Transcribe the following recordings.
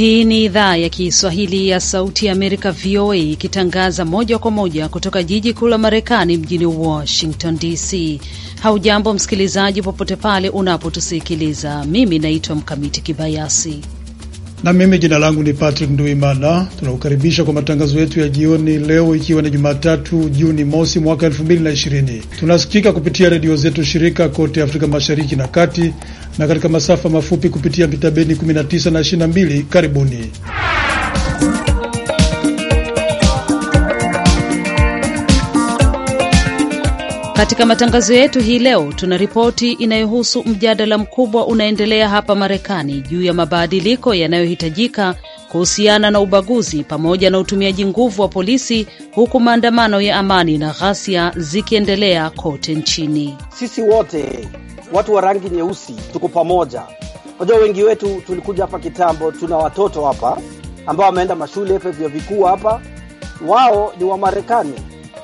Hii ni idhaa ya Kiswahili ya Sauti ya Amerika, VOA, ikitangaza moja kwa moja kutoka jiji kuu la Marekani, mjini Washington DC. Haujambo msikilizaji, popote pale unapotusikiliza. Mimi naitwa Mkamiti Kibayasi na mimi jina langu ni Patrick Nduimana. Tunakukaribisha kwa matangazo yetu ya jioni leo, ikiwa ni Jumatatu Juni mosi mwaka 220 Tunasikika kupitia redio zetu shirika kote Afrika Mashariki na Kati na katika masafa mafupi kupitia mitabeni 19 na 22. Karibuni Katika matangazo yetu hii leo tuna ripoti inayohusu mjadala mkubwa unaendelea hapa Marekani juu ya mabadiliko yanayohitajika kuhusiana na ubaguzi pamoja na utumiaji nguvu wa polisi, huku maandamano ya amani na ghasia zikiendelea kote nchini. Sisi wote watu wa rangi nyeusi tuko pamoja. Unajua, wengi wetu tulikuja hapa kitambo, tuna watoto hapa ambao wameenda mashule, vyuo vikuu hapa, wao ni Wamarekani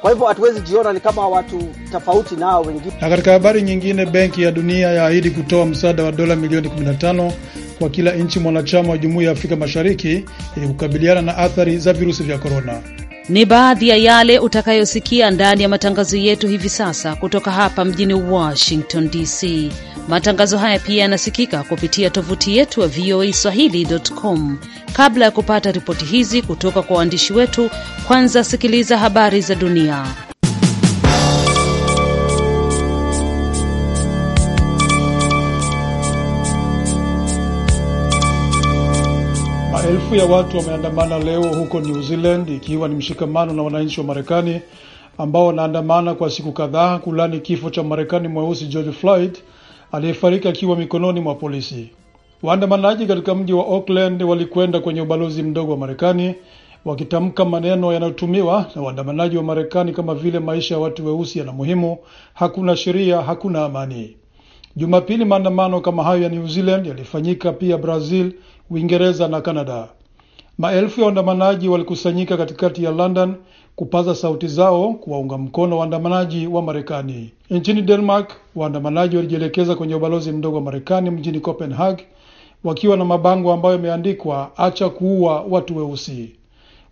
kwa hivyo hatuwezi jiona ni kama watu tofauti nao wengine. Na katika habari nyingine, Benki ya Dunia yaahidi kutoa msaada wa dola milioni 15 kwa kila nchi mwanachama wa Jumuiya ya Afrika Mashariki ili kukabiliana na athari za virusi vya korona. Ni baadhi ya yale utakayosikia ndani ya matangazo yetu hivi sasa kutoka hapa mjini Washington DC. Matangazo haya pia yanasikika kupitia tovuti yetu ya VOA Swahili.com. Kabla ya kupata ripoti hizi kutoka kwa waandishi wetu, kwanza sikiliza habari za dunia Maelfu ya watu wameandamana leo huko New Zealand ikiwa ni mshikamano na wananchi wa Marekani ambao wanaandamana kwa siku kadhaa kulani kifo cha Marekani mweusi George Floyd aliyefariki akiwa mikononi mwa polisi. Waandamanaji katika mji wa Auckland walikwenda kwenye ubalozi mdogo wa Marekani wakitamka maneno yanayotumiwa na waandamanaji wa Marekani kama vile maisha ya watu weusi yana muhimu, hakuna sheria, hakuna amani. Jumapili, maandamano kama hayo ya New Zealand yalifanyika pia Brazil, Uingereza na Kanada. Maelfu ya waandamanaji walikusanyika katikati ya London kupaza sauti zao kuwaunga mkono waandamanaji wa Marekani. Nchini Denmark, waandamanaji walijielekeza kwenye ubalozi mdogo wa Marekani mjini Copenhagen wakiwa na mabango ambayo yameandikwa acha kuua watu weusi.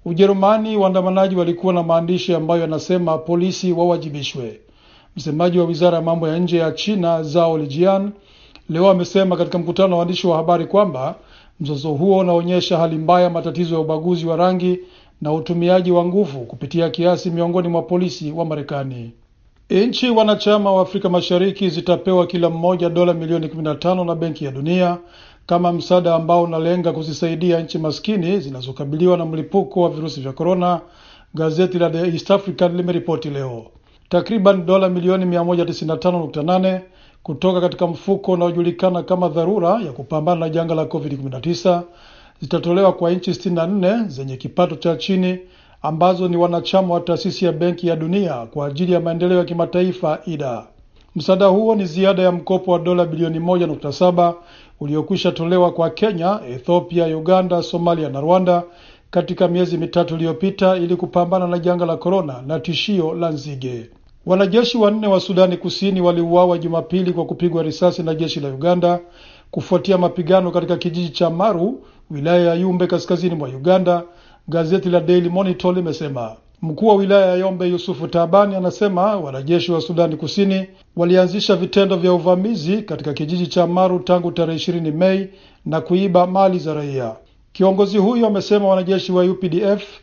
Ujerumani, waandamanaji walikuwa na maandishi ambayo yanasema polisi wawajibishwe. Msemaji wa wizara ya mambo ya nje ya China Zhao Lijian leo amesema katika mkutano wa waandishi wa habari kwamba Mzozo huo unaonyesha hali mbaya, matatizo ya ubaguzi wa rangi na utumiaji wa nguvu kupitia kiasi miongoni mwa polisi wa Marekani. Nchi wanachama wa Afrika Mashariki zitapewa kila mmoja dola milioni 15 na Benki ya Dunia kama msaada ambao unalenga kuzisaidia nchi maskini zinazokabiliwa na mlipuko wa virusi vya korona, gazeti la The East African limeripoti leo. Takriban dola milioni 195.8 kutoka katika mfuko unaojulikana kama dharura ya kupambana na janga la COVID-19 zitatolewa kwa nchi 64 zenye kipato cha chini ambazo ni wanachama wa taasisi ya Benki ya Dunia kwa ajili ya maendeleo ya kimataifa IDA. Msaada huo ni ziada ya mkopo wa dola bilioni 1.7 uliokwisha tolewa kwa Kenya, Ethiopia, Uganda, Somalia na Rwanda katika miezi mitatu iliyopita ili kupambana na janga la korona na tishio la nzige. Wanajeshi wanne wa Sudani Kusini waliuawa Jumapili kwa kupigwa risasi na jeshi la Uganda kufuatia mapigano katika kijiji cha Maru, wilaya ya Yumbe, kaskazini mwa Uganda. Gazeti la Daily Monitor limesema. Mkuu wa wilaya ya Yombe Yusufu Tabani anasema wanajeshi wa Sudani Kusini walianzisha vitendo vya uvamizi katika kijiji cha Maru tangu tarehe 20 Mei na kuiba mali za raia. Kiongozi huyo amesema wanajeshi wa UPDF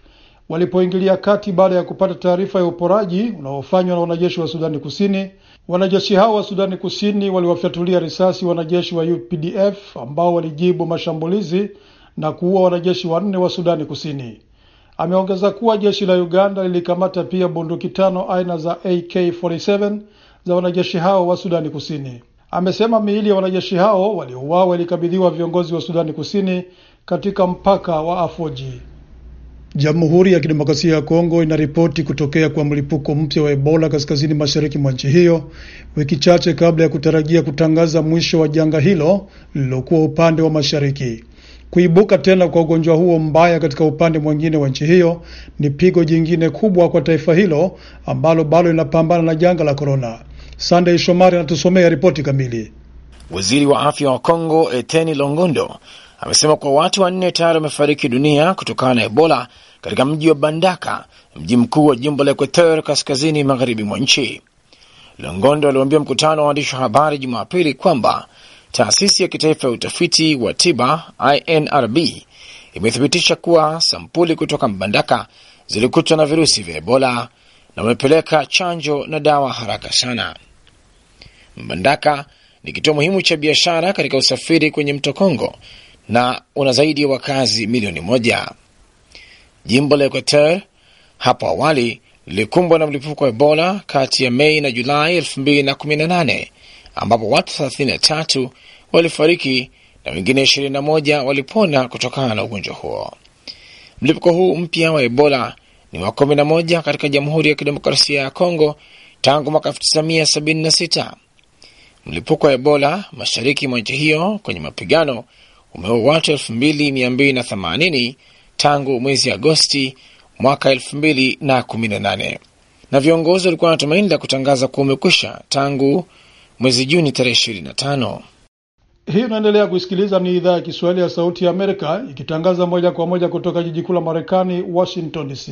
walipoingilia kati baada ya kupata taarifa ya uporaji unaofanywa na wanajeshi wa Sudani Kusini. Wanajeshi hao wa Sudani Kusini waliwafyatulia risasi wanajeshi wa UPDF ambao walijibu mashambulizi na kuua wanajeshi wanne wa Sudani Kusini. Ameongeza kuwa jeshi la Uganda lilikamata pia bunduki tano aina za AK47 za wanajeshi hao wa Sudani Kusini. Amesema miili ya wanajeshi hao waliouawa ilikabidhiwa viongozi wa Sudani Kusini katika mpaka wa Afoji. Jamhuri ya Kidemokrasia ya Kongo inaripoti kutokea kwa mlipuko mpya wa Ebola kaskazini mashariki mwa nchi hiyo wiki chache kabla ya kutarajia kutangaza mwisho wa janga hilo lililokuwa upande wa mashariki. Kuibuka tena kwa ugonjwa huo mbaya katika upande mwingine wa nchi hiyo ni pigo jingine kubwa kwa taifa hilo ambalo bado linapambana na janga la korona. Sunday Shomari anatusomea ripoti kamili. Waziri wa afya wa Kongo Eteni Longondo amesema kuwa watu wanne tayari wamefariki dunia kutokana na Ebola katika mji wa Bandaka, mji mkuu wa jimbo la Equateur kaskazini magharibi mwa nchi. Longondo aliwaambia mkutano wa waandishi wa habari Jumapili kwamba taasisi ya kitaifa ya utafiti wa tiba INRB imethibitisha kuwa sampuli kutoka Mbandaka zilikutwa na virusi vya Ebola na wamepeleka chanjo na dawa haraka sana. Mbandaka ni kituo muhimu cha biashara katika usafiri kwenye mto Kongo na una zaidi ya wa wakazi milioni moja. Jimbo la Equateur hapo awali lilikumbwa na mlipuko wa Ebola kati ya Mei na Julai 2018 ambapo watu 33 walifariki na wengine 21 walipona kutokana na ugonjwa huo. Mlipuko huu mpya wa Ebola ni wa 11 katika Jamhuri ya Kidemokrasia ya Kongo tangu mwaka 1976. Mlipuko wa Ebola mashariki mwa nchi hiyo kwenye mapigano umeua watu 2280 tangu mwezi Agosti mwaka 2018 na viongozi walikuwa na tumaini la kutangaza kuwa umekwisha tangu mwezi Juni tarehe 25. Hii unaendelea kuisikiliza, ni idhaa ya Kiswahili ya Sauti ya Amerika ikitangaza moja kwa moja kutoka jiji kuu la Marekani, Washington DC.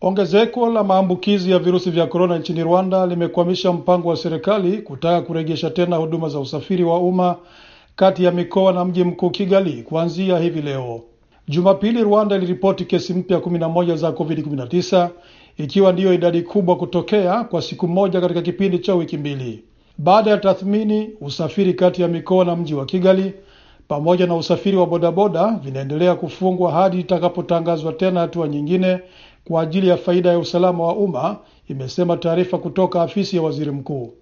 Ongezeko la maambukizi ya virusi vya korona nchini Rwanda limekwamisha mpango wa serikali kutaka kurejesha tena huduma za usafiri wa umma kati ya mikoa na mji mkuu Kigali kuanzia hivi leo. Jumapili, Rwanda iliripoti kesi mpya 11 za COVID-19 ikiwa ndiyo idadi kubwa kutokea kwa siku moja katika kipindi cha wiki mbili. Baada ya tathmini, usafiri kati ya mikoa na mji wa Kigali pamoja na usafiri wa bodaboda vinaendelea kufungwa hadi itakapotangazwa tena hatua nyingine kwa ajili ya faida ya usalama wa umma, imesema taarifa kutoka afisi ya waziri mkuu.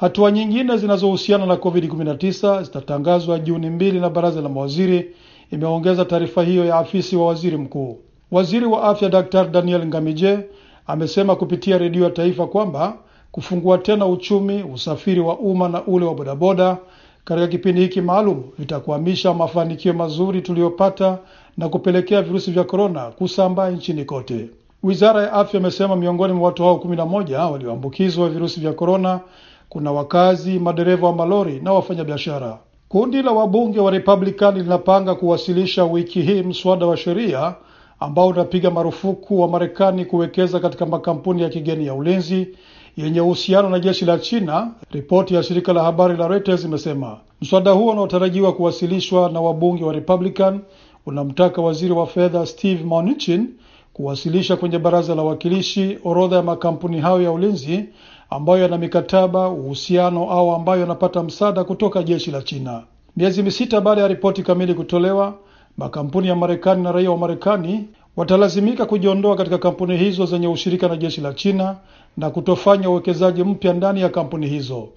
Hatua nyingine zinazohusiana na COVID-19 zitatangazwa Juni mbili na baraza la mawaziri, imeongeza taarifa hiyo ya afisi wa waziri mkuu. Waziri wa afya dr Daniel Ngamije amesema kupitia redio ya taifa kwamba kufungua tena uchumi, usafiri wa umma na ule wa bodaboda katika kipindi hiki maalum vitakwamisha mafanikio mazuri tuliyopata na kupelekea virusi vya korona kusambaa nchini kote. Wizara ya afya imesema miongoni mwa watu hao 11 walioambukizwa virusi vya korona kuna wakazi, madereva wa malori na wafanyabiashara. Kundi la wabunge wa Republican linapanga kuwasilisha wiki hii mswada wa sheria ambao unapiga marufuku wa Marekani kuwekeza katika makampuni ya kigeni ya ulinzi yenye uhusiano na jeshi la China. Ripoti ya shirika la habari la Reuters imesema mswada huo unaotarajiwa kuwasilishwa na wabunge wa Republican unamtaka waziri wa fedha Steve Mnuchin kuwasilisha kwenye baraza la wawakilishi orodha ya makampuni hayo ya ulinzi ambayo yana mikataba uhusiano au ambayo yanapata msaada kutoka jeshi la China. Miezi misita baada ya ripoti kamili kutolewa, makampuni ya Marekani na raia wa Marekani watalazimika kujiondoa katika kampuni hizo zenye ushirika na jeshi la China na kutofanya uwekezaji mpya ndani ya kampuni hizo.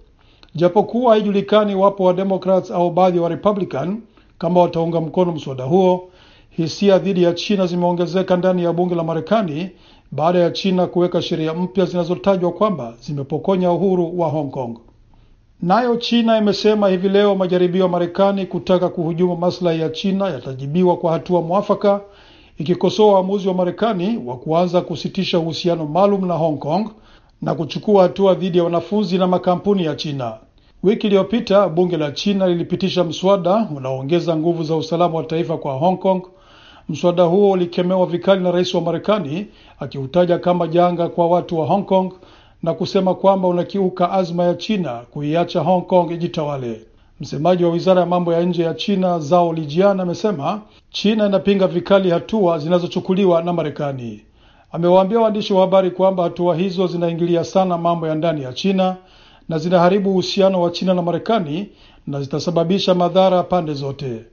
Japokuwa haijulikani wapo wa Democrats au baadhi wa Republican kama wataunga mkono mswada huo, hisia dhidi ya China zimeongezeka ndani ya bunge la Marekani baada ya China kuweka sheria mpya zinazotajwa kwamba zimepokonya uhuru wa Hong Kong. Nayo China imesema hivi leo majaribio ya Marekani kutaka kuhujuma maslahi ya China yatajibiwa kwa hatua mwafaka, ikikosoa uamuzi wa Marekani wa kuanza kusitisha uhusiano maalum na Hong Kong na kuchukua hatua dhidi ya wanafunzi na makampuni ya China. Wiki iliyopita bunge la China lilipitisha mswada unaoongeza nguvu za usalama wa taifa kwa Hong Kong Mswada huo ulikemewa vikali na rais wa Marekani akiutaja kama janga kwa watu wa Hong Kong na kusema kwamba unakiuka azma ya China kuiacha Hong Kong ijitawale. Msemaji wa wizara ya mambo ya nje ya China Zhao Lijian amesema China inapinga vikali hatua zinazochukuliwa na Marekani. Amewaambia waandishi wa habari kwamba hatua hizo zinaingilia sana mambo ya ndani ya China na zinaharibu uhusiano wa China na Marekani na zitasababisha madhara pande zote.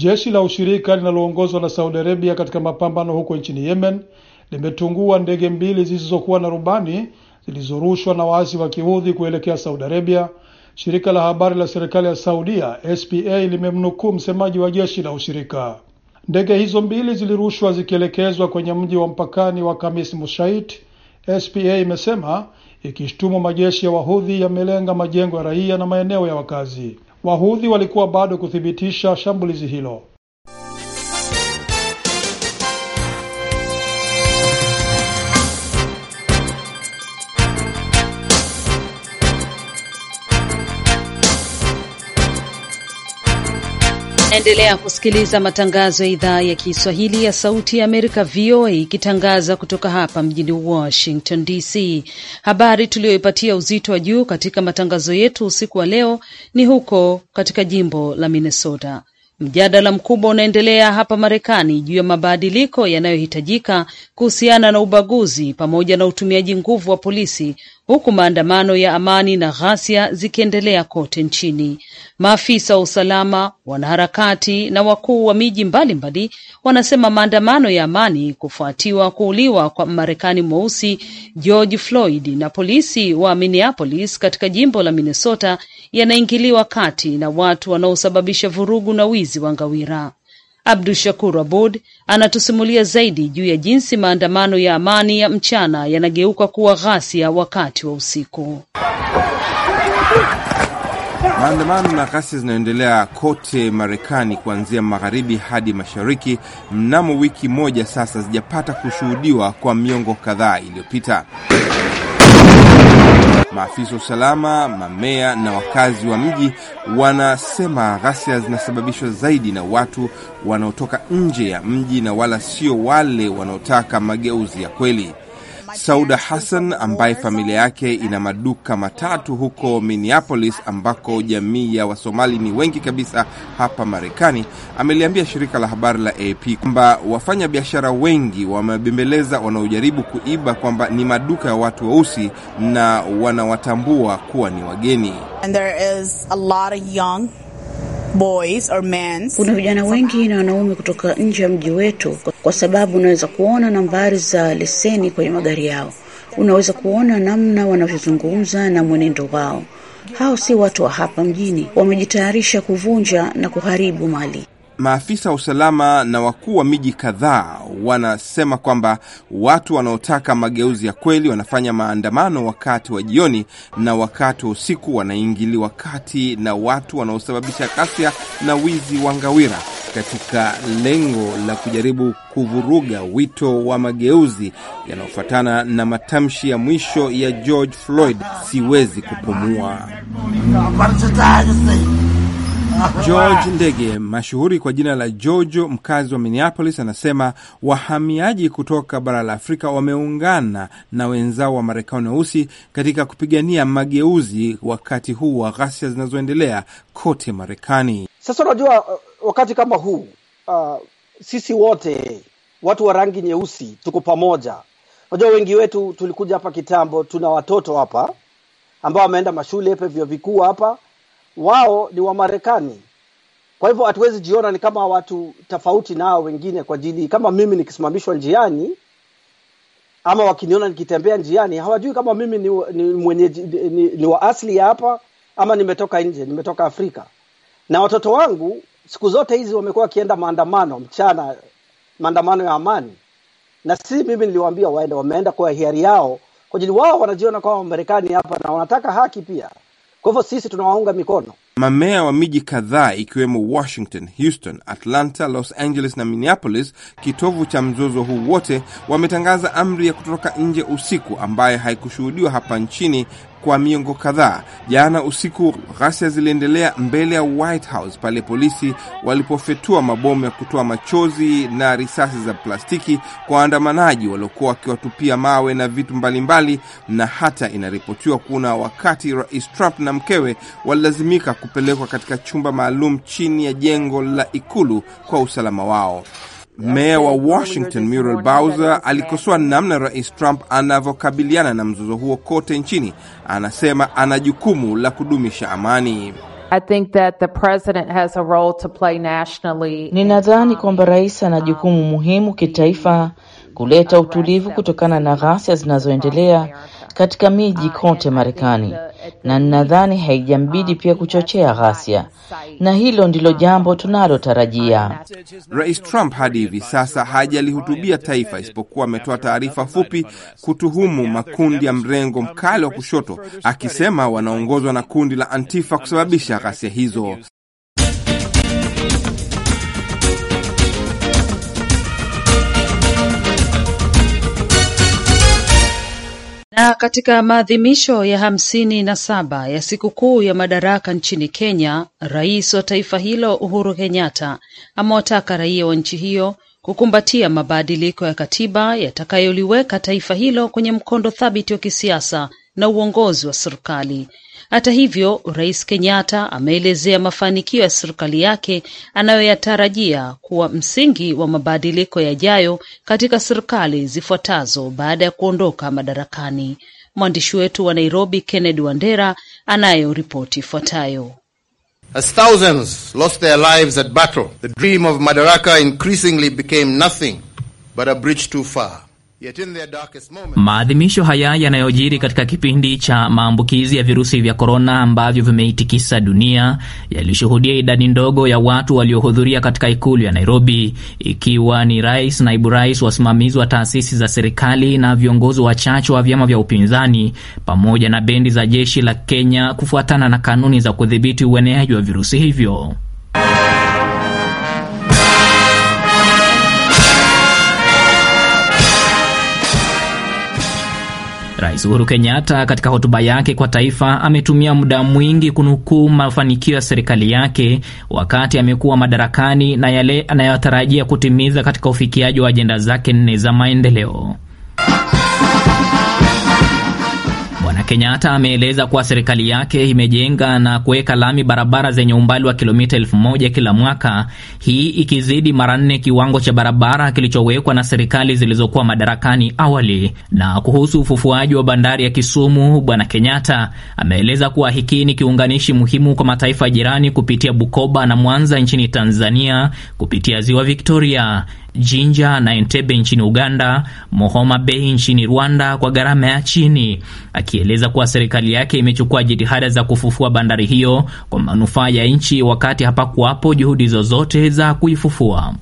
Jeshi la ushirika linaloongozwa na Saudi Arabia katika mapambano huko nchini Yemen limetungua ndege mbili zisizokuwa na rubani zilizorushwa na waasi wa kihudhi kuelekea Saudi Arabia. Shirika la habari la serikali ya Saudia SPA limemnukuu msemaji wa jeshi la ushirika. Ndege hizo mbili zilirushwa zikielekezwa kwenye mji wa mpakani wa Kamis Mushait. SPA imesema ikishtumu majeshi ya Wahudhi yamelenga majengo ya raia na maeneo ya wakazi. Wahudhi walikuwa bado kuthibitisha shambulizi hilo Unaendelea kusikiliza matangazo ya idhaa ya Kiswahili ya Sauti ya Amerika, VOA, ikitangaza kutoka hapa mjini Washington DC. Habari tuliyoipatia uzito wa juu katika matangazo yetu usiku wa leo ni huko katika jimbo la Minnesota. Mjadala mkubwa unaendelea hapa Marekani juu ya mabadiliko yanayohitajika kuhusiana na ubaguzi pamoja na utumiaji nguvu wa polisi huku maandamano ya amani na ghasia zikiendelea kote nchini. Maafisa wa usalama, wanaharakati na wakuu wa miji mbalimbali wanasema maandamano ya amani kufuatiwa kuuliwa kwa Mmarekani mweusi George Floyd na polisi wa Minneapolis katika jimbo la Minnesota yanaingiliwa kati na watu wanaosababisha vurugu na wizi wa ngawira. Abdu Shakur Abud anatusimulia zaidi juu ya jinsi maandamano ya amani ya mchana yanageuka kuwa ghasia wakati wa usiku. Maandamano na ghasia zinaendelea kote Marekani, kuanzia magharibi hadi mashariki, mnamo wiki moja sasa, zijapata kushuhudiwa kwa miongo kadhaa iliyopita. Maafisa wa usalama, mamea na wakazi wa mji wanasema ghasia zinasababishwa zaidi na watu wanaotoka nje ya mji na wala sio wale wanaotaka mageuzi ya kweli. Sauda Hassan ambaye familia yake ina maduka matatu huko Minneapolis, ambako jamii ya Wasomali ni wengi kabisa hapa Marekani, ameliambia shirika la habari la AP kwamba wafanya biashara wengi wamebembeleza wanaojaribu kuiba kwamba ni maduka ya watu weusi wa na wanawatambua kuwa ni wageni And there is a lot of young boys or men. Kuna vijana wengi na wanaume kutoka nje ya mji wetu, kwa sababu unaweza kuona nambari za leseni kwenye magari yao, unaweza kuona namna wanavyozungumza na mwenendo wao. Hao si watu wa hapa mjini, wamejitayarisha kuvunja na kuharibu mali. Maafisa wa usalama na wakuu wa miji kadhaa wanasema kwamba watu wanaotaka mageuzi ya kweli wanafanya maandamano wakati wa jioni na wakati wa usiku wanaingiliwa kati na watu wanaosababisha ghasia na wizi wa ngawira katika lengo la kujaribu kuvuruga wito wa mageuzi yanayofuatana na matamshi ya mwisho ya George Floyd, siwezi kupumua. George Ndege, mashuhuri kwa jina la Jojo, mkazi wa Minneapolis, anasema wahamiaji kutoka bara la Afrika wameungana na wenzao wa Marekani weusi katika kupigania mageuzi wakati huu wa ghasia zinazoendelea kote Marekani. Sasa unajua, uh, wakati kama huu uh, sisi wote watu wa rangi nyeusi tuko pamoja. Unajua, wengi wetu tulikuja hapa kitambo, tuna watoto hapa ambao wameenda mashule pe vyuo vikuu hapa wao ni wa Marekani. Kwa hivyo hatuwezi jiona ni kama watu tofauti nao wengine, kwa ajili kama mimi nikisimamishwa njiani ama wakiniona nikitembea njiani, hawajui kama mimi ni, ni, mwenyeji, ni, ni, ni wa asili ya hapa ama nimetoka nje, nimetoka Afrika. Na watoto wangu siku zote hizi wamekuwa wakienda maandamano mchana, maandamano ya amani, na si mimi niliwaambia waende, wameenda kwa hiari yao, kwa ajili wao wanajiona kama Marekani hapa na wanataka haki pia. Kwa hivyo sisi tunawaunga mikono Mamea wa miji kadhaa ikiwemo Washington, Houston, Atlanta, Los Angeles na Minneapolis, kitovu cha mzozo huu wote, wametangaza amri ya kutotoka nje usiku ambayo haikushuhudiwa hapa nchini kwa miongo kadhaa. Jana usiku ghasia ziliendelea mbele ya White House pale polisi walipofetua mabomu ya kutoa machozi na risasi za plastiki kwa waandamanaji waliokuwa wakiwatupia mawe na vitu mbalimbali mbali, na hata inaripotiwa kuna wakati Rais Trump na mkewe walilazimika kupelekwa katika chumba maalum chini ya jengo la ikulu kwa usalama wao. Meya wa Washington Muriel Bowser alikosoa namna Rais Trump anavyokabiliana na mzozo huo kote nchini. Anasema ana jukumu la kudumisha amani. Ninadhani kwamba rais ana jukumu muhimu kitaifa kuleta utulivu kutokana na ghasia zinazoendelea katika miji ah, kote eh, Marekani, eh, eh, na ninadhani haijambidi ah, pia kuchochea ah, ghasia, na hilo ndilo jambo tunalotarajia. Rais Trump hadi hivi sasa hajalihutubia taifa, isipokuwa ametoa taarifa fupi kutuhumu makundi ya mrengo mkali wa kushoto, akisema wanaongozwa na kundi la Antifa kusababisha ghasia hizo. Na katika maadhimisho ya hamsini na saba ya sikukuu ya madaraka nchini Kenya, rais wa taifa hilo Uhuru Kenyatta amewataka raia wa nchi hiyo kukumbatia mabadiliko ya katiba yatakayoliweka taifa hilo kwenye mkondo thabiti wa kisiasa na uongozi wa serikali hata hivyo, Rais Kenyatta ameelezea mafanikio ya serikali yake anayoyatarajia kuwa msingi wa mabadiliko yajayo katika serikali zifuatazo baada ya kuondoka madarakani. Mwandishi wetu wa Nairobi Kennedy Wandera anayo ripoti ifuatayo. As thousands lost their lives at battle, the dream of Madaraka increasingly became nothing but a bridge too far. Maadhimisho haya yanayojiri katika kipindi cha maambukizi ya virusi vya korona ambavyo vimeitikisa dunia yalishuhudia idadi ndogo ya watu waliohudhuria katika ikulu ya Nairobi, ikiwa ni rais, naibu rais, wasimamizi wa taasisi za serikali na viongozi wachache wa vyama vya upinzani pamoja na bendi za jeshi la Kenya, kufuatana na kanuni za kudhibiti ueneaji wa virusi hivyo. Rais Uhuru Kenyatta katika hotuba yake kwa taifa ametumia muda mwingi kunukuu mafanikio ya serikali yake wakati amekuwa madarakani na yale anayotarajia kutimiza katika ufikiaji wa ajenda zake nne za maendeleo. Kenyatta ameeleza kuwa serikali yake imejenga na kuweka lami barabara zenye umbali wa kilomita elfu moja kila mwaka, hii ikizidi mara nne kiwango cha barabara kilichowekwa na serikali zilizokuwa madarakani awali. Na kuhusu ufufuaji wa bandari ya Kisumu, Bwana Kenyatta ameeleza kuwa hiki ni kiunganishi muhimu kwa mataifa jirani kupitia Bukoba na Mwanza nchini Tanzania kupitia ziwa Victoria. Jinja na Entebe nchini Uganda, Mohoma Bay nchini Rwanda kwa gharama ya chini, akieleza kuwa serikali yake imechukua jitihada za kufufua bandari hiyo kwa manufaa ya nchi, wakati hapakuwapo juhudi zozote za kuifufua.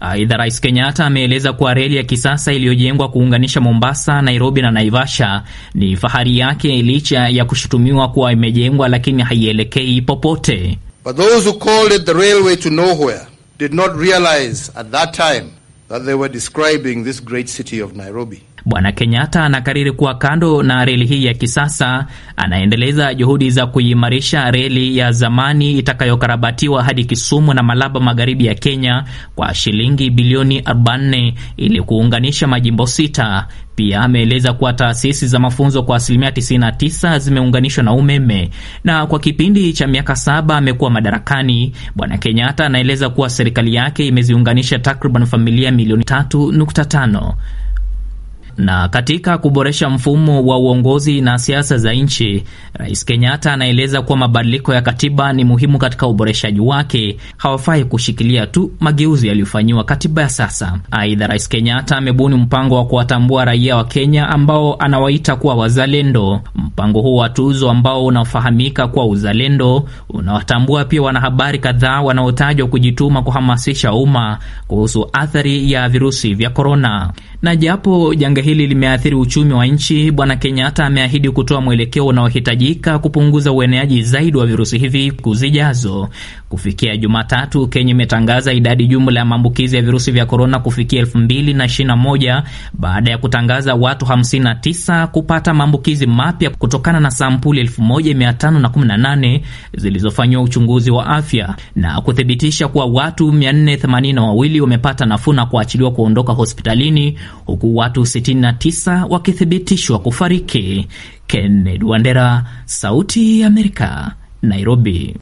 Aidha, Rais Kenyatta ameeleza kuwa reli ya kisasa iliyojengwa kuunganisha Mombasa, Nairobi na Naivasha ni fahari yake, licha ya kushutumiwa kuwa imejengwa lakini haielekei popote. But those who called it the railway to nowhere did not realize at that time that they were describing this great city of Nairobi. Bwana Kenyatta anakariri kuwa kando na reli hii ya kisasa, anaendeleza juhudi za kuimarisha reli ya zamani itakayokarabatiwa hadi Kisumu na Malaba, magharibi ya Kenya, kwa shilingi bilioni 4 ili kuunganisha majimbo sita. Pia ameeleza kuwa taasisi za mafunzo kwa asilimia 99 zimeunganishwa na umeme. Na kwa kipindi cha miaka saba amekuwa madarakani, Bwana Kenyatta anaeleza kuwa serikali yake imeziunganisha takriban familia milioni 3.5. Na katika kuboresha mfumo wa uongozi na siasa za nchi, Rais Kenyatta anaeleza kuwa mabadiliko ya katiba ni muhimu katika uboreshaji wake, hawafai kushikilia tu mageuzi yaliyofanyiwa katiba ya sasa. Aidha, Rais Kenyatta amebuni mpango wa kuwatambua raia wa Kenya ambao anawaita kuwa wazalendo. Mpango huo wa tuzo ambao unafahamika kuwa uzalendo unawatambua pia wanahabari kadhaa wanaotajwa kujituma kuhamasisha umma kuhusu athari ya virusi vya korona. Na japo janga hili limeathiri uchumi wa nchi, Bwana Kenyatta ameahidi kutoa mwelekeo unaohitajika kupunguza ueneaji zaidi wa virusi hivi kuzijazo. Kufikia Jumatatu, Kenya imetangaza idadi jumla ya maambukizi ya virusi vya korona kufikia 2021 baada ya kutangaza watu 59 kupata maambukizi mapya kutokana na sampuli 1518 zilizofanyiwa uchunguzi wa afya na kuthibitisha kuwa watu 482 wamepata nafuu na kuachiliwa kuondoka hospitalini huku watu 69 wakithibitishwa kufariki. Kennedy Wandera, Sauti ya Amerika, Nairobi.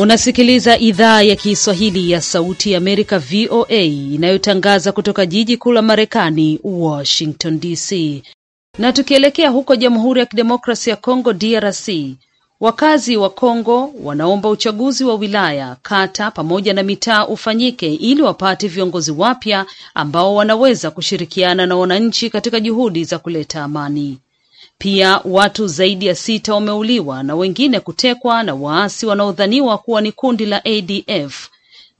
Unasikiliza idhaa ya Kiswahili ya Sauti ya Amerika, VOA, inayotangaza kutoka jiji kuu la Marekani, Washington DC. Na tukielekea huko Jamhuri ya Kidemokrasi ya Kongo, DRC, wakazi wa Kongo wanaomba uchaguzi wa wilaya, kata pamoja na mitaa ufanyike ili wapate viongozi wapya ambao wanaweza kushirikiana na wananchi katika juhudi za kuleta amani. Pia watu zaidi ya sita wameuliwa na wengine kutekwa na waasi wanaodhaniwa kuwa ni kundi la ADF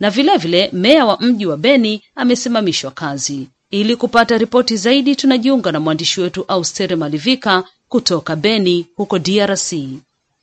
na vilevile meya wa mji wa Beni amesimamishwa kazi. Ili kupata ripoti zaidi tunajiunga na mwandishi wetu Austere Malivika kutoka Beni huko DRC.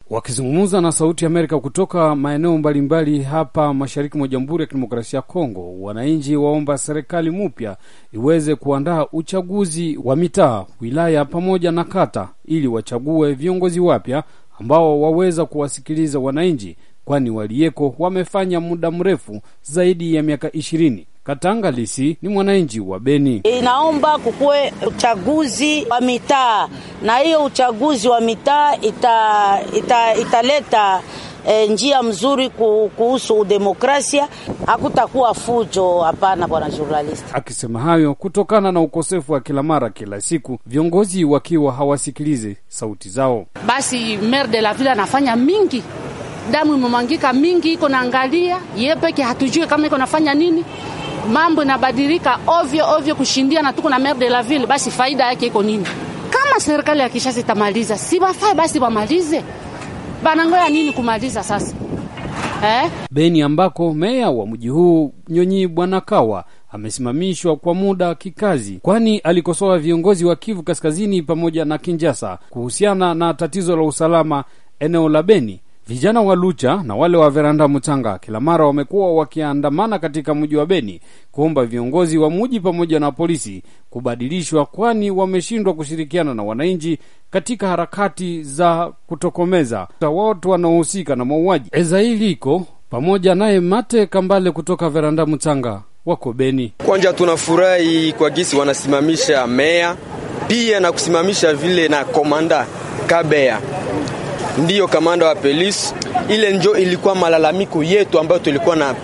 Wakizungumza na Sauti ya Amerika kutoka maeneo mbalimbali hapa mashariki mwa Jamhuri ya Kidemokrasia ya Kongo, wananchi waomba serikali mpya iweze kuandaa uchaguzi wa mitaa, wilaya pamoja na kata, ili wachague viongozi wapya ambao waweza kuwasikiliza wananchi kwani waliyeko wamefanya muda mrefu zaidi ya miaka ishirini. Katanga Lisi ni mwananchi wa Beni. Inaomba kukuwe uchaguzi wa mitaa, na hiyo uchaguzi wa mitaa ita, ita, italeta E, njia mzuri kuhusu udemokrasia hakutakuwa fujo. Hapana, bwana journalist. Akisema hayo kutokana na ukosefu wa kila mara kila siku, viongozi wakiwa hawasikilize sauti zao, basi maire de la ville anafanya mingi damu imemwangika mingi, iko naangalia ye peke, hatujue kama iko nafanya nini. Mambo inabadilika ovyo ovyo, kushindia na tuko na maire de la ville, basi faida yake iko nini? Kama serikali ya Kinshasa itamaliza, si bafai basi bamalize, banangoya nini kumaliza sasa eh? Beni ambako meya wa mji huu Nyonyi Bwana Kawa amesimamishwa kwa muda kikazi, kwani alikosoa viongozi wa Kivu Kaskazini pamoja na Kinjasa kuhusiana na tatizo la usalama eneo la Beni Vijana wa Lucha na wale wa Veranda Mchanga kila mara wamekuwa wakiandamana katika mji wa Beni kuomba viongozi wa mji pamoja na polisi kubadilishwa, kwani wameshindwa kushirikiana na wananchi katika harakati za kutokomeza watu wanaohusika na mauaji. Ezailiko pamoja naye Mate Kambale kutoka Veranda Mchanga wako Beni. Kwanza tunafurahi kwa gisi wanasimamisha meya pia na kusimamisha vile na komanda Kabea ndiyo kamanda wa polisi. Ile njo ilikuwa malalamiko yetu ambayo tulikuwa na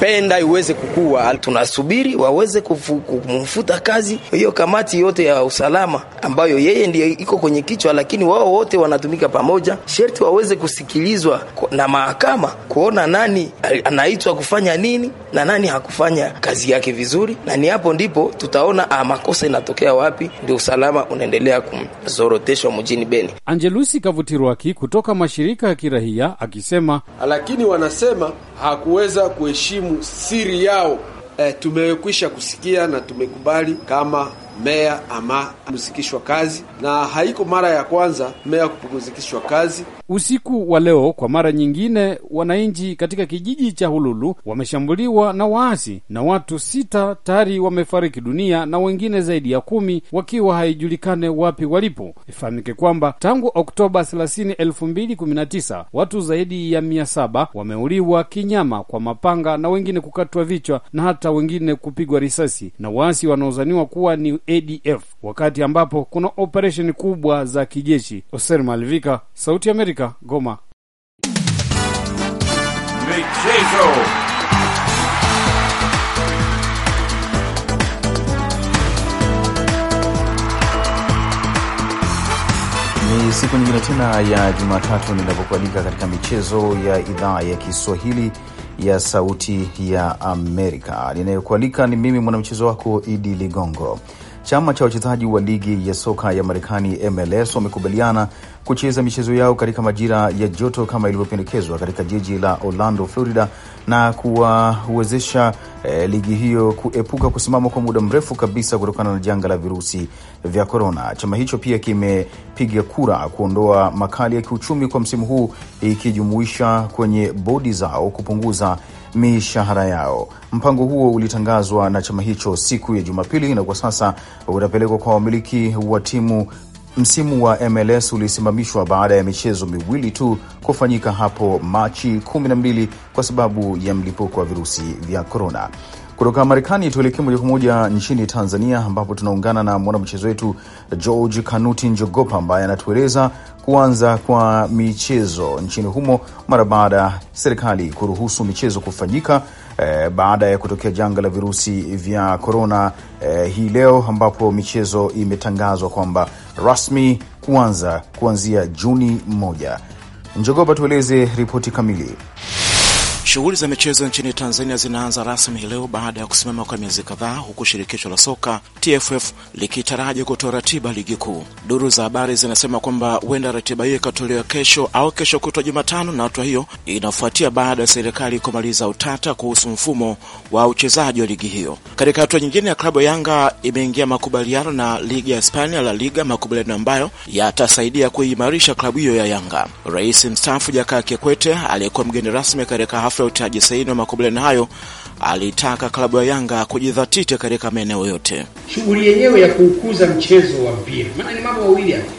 tunapenda iweze kukua. Tunasubiri waweze kumfuta kazi hiyo kamati yote ya usalama ambayo yeye ndiye iko kwenye kichwa, lakini wao wote wanatumika pamoja. Sherti waweze kusikilizwa na mahakama kuona nani anaitwa kufanya nini na nani hakufanya kazi yake vizuri, na ni hapo ndipo tutaona ah, makosa inatokea wapi, ndio usalama unaendelea kumzoroteshwa mjini Beni. Angelusi Kavutirwaki kutoka mashirika ya kirahia akisema, lakini wanasema hakuweza kuheshimu siri yao. E, tumekwisha kusikia na tumekubali kama meya ama kupumzikishwa kazi, na haiko mara ya kwanza meya kupumzikishwa kazi. Usiku wa leo kwa mara nyingine, wananchi katika kijiji cha Hululu wameshambuliwa na waasi na watu sita tayari wamefariki dunia na wengine zaidi ya kumi wakiwa haijulikane wapi walipo. Ifahamike kwamba tangu Oktoba 30, 2019 watu zaidi ya mia saba wameuliwa kinyama kwa mapanga na wengine kukatwa vichwa na hata wengine kupigwa risasi na waasi wanaozaniwa kuwa ni ADF wakati ambapo kuna operesheni kubwa za kijeshi. Oser Malivika, Sauti ya Amerika, Goma. Michezo. Ni siku nyingine tena ya Jumatatu ninapokualika katika michezo ya idhaa ya Kiswahili ya Sauti ya Amerika. Ninayokualika ni mimi mwanamchezo wako Idi Ligongo. Chama cha wachezaji wa ligi ya soka ya Marekani MLS wamekubaliana kucheza michezo yao katika majira ya joto kama ilivyopendekezwa katika jiji la Orlando, Florida, na kuwawezesha eh, ligi hiyo kuepuka kusimama kwa muda mrefu kabisa kutokana na janga la virusi vya korona. Chama hicho pia kimepiga kura kuondoa makali ya kiuchumi kwa msimu huu, ikijumuisha kwenye bodi zao kupunguza mishahara yao. Mpango huo ulitangazwa na chama hicho siku ya Jumapili na kwa sasa utapelekwa kwa wamiliki wa timu. Msimu wa MLS ulisimamishwa baada ya michezo miwili tu kufanyika hapo Machi 12 kwa sababu ya mlipuko wa virusi vya korona. Kutoka Marekani tuelekee moja kwa moja nchini Tanzania, ambapo tunaungana na mwanamchezo wetu George Kanuti Njogopa ambaye anatueleza kuanza kwa michezo nchini humo mara baada serikali kuruhusu michezo kufanyika eh, baada ya kutokea janga la virusi vya korona eh, hii leo ambapo michezo imetangazwa kwamba rasmi kuanza kuanzia Juni moja. Njogopa, tueleze ripoti kamili. Shughuli za michezo nchini Tanzania zinaanza rasmi leo baada ya kusimama kwa miezi kadhaa, huku shirikisho la soka TFF likitaraji kutoa ratiba ligi kuu. Duru za habari zinasema kwamba huenda ratiba hiyo ikatolewa kesho au kesho kutwa Jumatano, na hatua hiyo inafuatia baada ya serikali kumaliza utata kuhusu mfumo wa uchezaji wa ligi hiyo. Katika hatua nyingine, ya klabu ya Yanga imeingia makubaliano na ligi ya Hispania La Liga, makubaliano ambayo yatasaidia kuimarisha klabu hiyo ya Yanga. Rais mstaafu Jakaya Kikwete aliyekuwa mgeni rasmi katika afya Ajisaini wa makubaliano hayo, alitaka klabu ya Yanga kujidhatiti katika maeneo yote, shughuli yenyewe ya kuukuza mchezo wa mpira, maana ni mambo mawili hapo.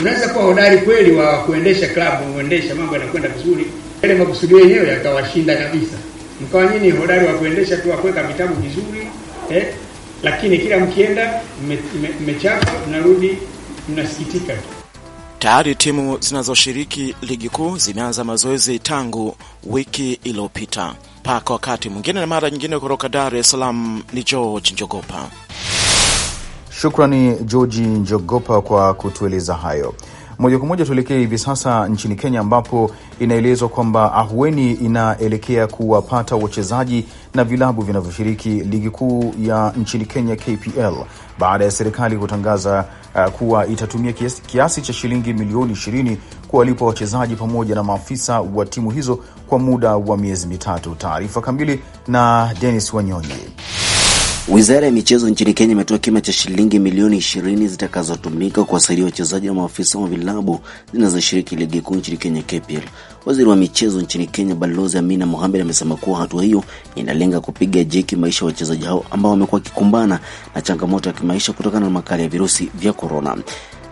Unaweza kuwa hodari kweli wa kuendesha klabu, kuendesha mambo yanakwenda vizuri, ile makusudio yenyewe yakawashinda kabisa, mkawa nyinyi hodari wa kuendesha tu, kuweka vitabu vizuri eh, lakini kila mkienda mmechafa, mnarudi mnasikitika tu. Tayari timu zinazoshiriki ligi kuu zimeanza mazoezi tangu wiki iliyopita. Mpaka wakati mwingine na mara nyingine, kutoka Dar es Salaam ni George Njogopa. Shukrani Georgi Njogopa kwa kutueleza hayo. Moja kwa moja tuelekee hivi sasa nchini Kenya, ambapo inaelezwa kwamba ahueni inaelekea kuwapata wachezaji na vilabu vinavyoshiriki ligi kuu ya nchini Kenya, KPL, baada ya serikali kutangaza uh, kuwa itatumia kiasi, kiasi cha shilingi milioni ishirini kuwalipa wachezaji pamoja na maafisa wa timu hizo kwa muda wa miezi mitatu. Taarifa kamili na Denis Wanyonyi. Wizara ya michezo nchini Kenya imetoa kima cha shilingi milioni ishirini zitakazotumika kuwasaidia wachezaji na maafisa wa vilabu zinazoshiriki ligi kuu nchini Kenya, KPL. Waziri wa michezo nchini Kenya Balozi Amina Mohamed amesema kuwa hatua hiyo inalenga kupiga jeki maisha ya wachezaji hao ambao wamekuwa wakikumbana na changamoto ya kimaisha kutokana na makali ya virusi vya korona.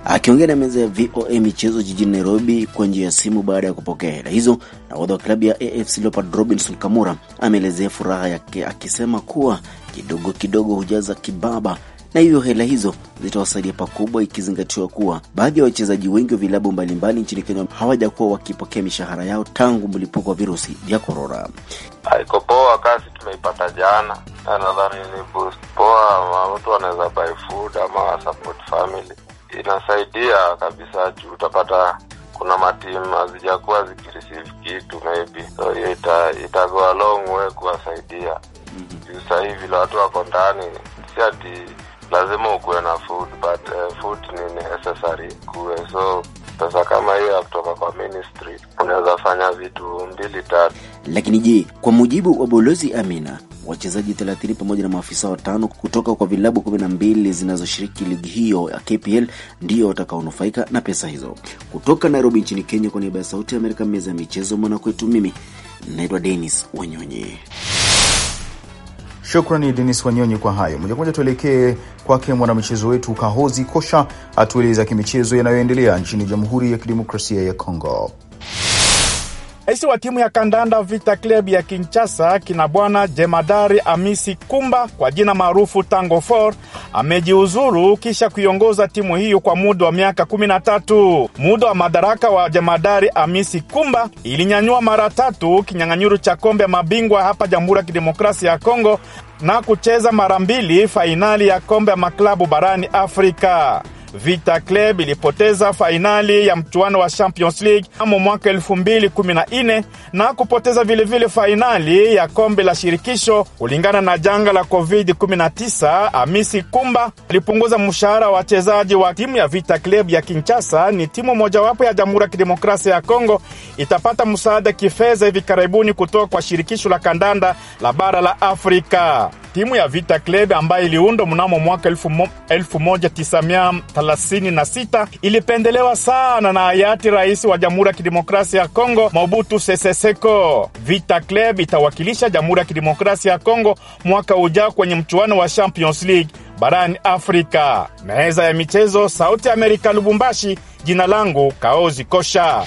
Akiongea na meza ya VOA michezo jijini Nairobi kwa njia ya simu baada ya kupokea hela hizo, nahodha wa klabu ya AFC Leopards Robinson Kamura ameelezea furaha yake akisema kuwa kidogo kidogo hujaza kibaba, na hivyo hela hizo zitawasaidia pakubwa, ikizingatiwa kuwa baadhi ya wachezaji wengi wa vilabu mbalimbali nchini Kenya hawajakuwa wakipokea mishahara yao tangu mlipuko wa virusi vya korona. Haiko poa, kazi tumeipata jana, na nadhani ni boost poa. Watu wanaweza buy food ama support family, inasaidia kabisa juu utapata kuna matimu hazijakuwa zikireceive kitu maybe, so ita, ita go a long way kuwasaidia sasa hivi la watu wako ndani, si ati lazima ukuwe na food but uh, food ni necessary kuwe so pesa kama hiyo kutoka kwa ministry unaweza fanya vitu mbili tatu. Lakini je, kwa mujibu wa bolozi Amina, wachezaji 30 pamoja na maafisa watano kutoka kwa vilabu 12 zinazoshiriki ligi hiyo ya KPL ndio watakaonufaika na pesa hizo. Kutoka Nairobi nchini Kenya, kwa niaba ya Sauti ya Amerika, meza ya michezo mwanakwetu, mimi naitwa Dennis Wanyonyi. Shukrani Denis Wanyonyi kwa hayo. Moja kwa moja tuelekee kwake mwanamchezo wetu Kahozi Kosha atueleza kimichezo yanayoendelea nchini Jamhuri ya Kidemokrasia ya Kongo. Rais wa timu ya kandanda Vita Club ya Kinshasa kina bwana Jemadari Amisi Kumba kwa jina maarufu Tango 4 amejiuzuru kisha kuiongoza timu hiyo kwa muda wa miaka 13. Muda wa madaraka wa Jemadari Amisi Kumba ilinyanyua mara tatu kinyang'anyiro cha kombe ya mabingwa hapa Jamhuri ya Kidemokrasia ya Kongo na kucheza mara mbili fainali ya kombe ya maklabu barani Afrika. Vita Club ilipoteza fainali ya mchuano wa Champions League mnamo mwaka 2014 na kupoteza vilevile vile fainali ya kombe la shirikisho kulingana na janga la COVID-19. Amisi Kumba alipunguza mshahara wa wachezaji wa timu ya Vita Club ya Kinshasa. Ni timu mojawapo ya Jamhuri ya Kidemokrasia ya Kongo, itapata msaada kifedha hivi karibuni kutoka kwa shirikisho la kandanda la bara la Afrika. Timu ya Vita Club ambayo iliundwa mnamo mwaka 1936 ilipendelewa sana na hayati rais wa Jamhuri ya Kidemokrasia ya Kongo Mobutu Sese Seko. Vita Club itawakilisha Jamhuri ya Kidemokrasia ya Kongo mwaka ujao kwenye mchuano wa Champions League barani Afrika. Meza ya michezo, Sauti ya Amerika, Lubumbashi. Jina langu Kaozi Kosha.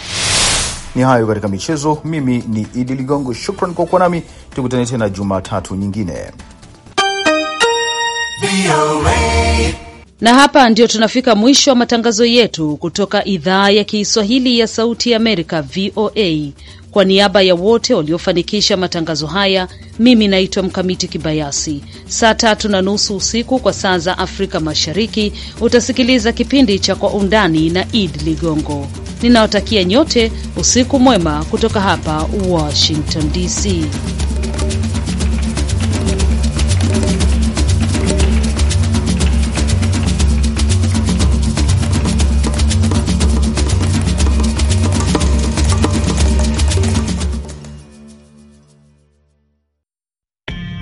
Ni hayo katika michezo. Mimi ni Idi Ligongo, shukran kwa kuwa nami. Tukutane tena Jumatatu nyingine. Na hapa ndio tunafika mwisho wa matangazo yetu kutoka idhaa ya Kiswahili ya Sauti ya Amerika, VOA. Kwa niaba ya wote waliofanikisha matangazo haya, mimi naitwa Mkamiti Kibayasi. Saa tatu na nusu usiku kwa saa za Afrika Mashariki utasikiliza kipindi cha Kwa Undani na Id Ligongo. Ninawatakia nyote usiku mwema kutoka hapa Washington DC.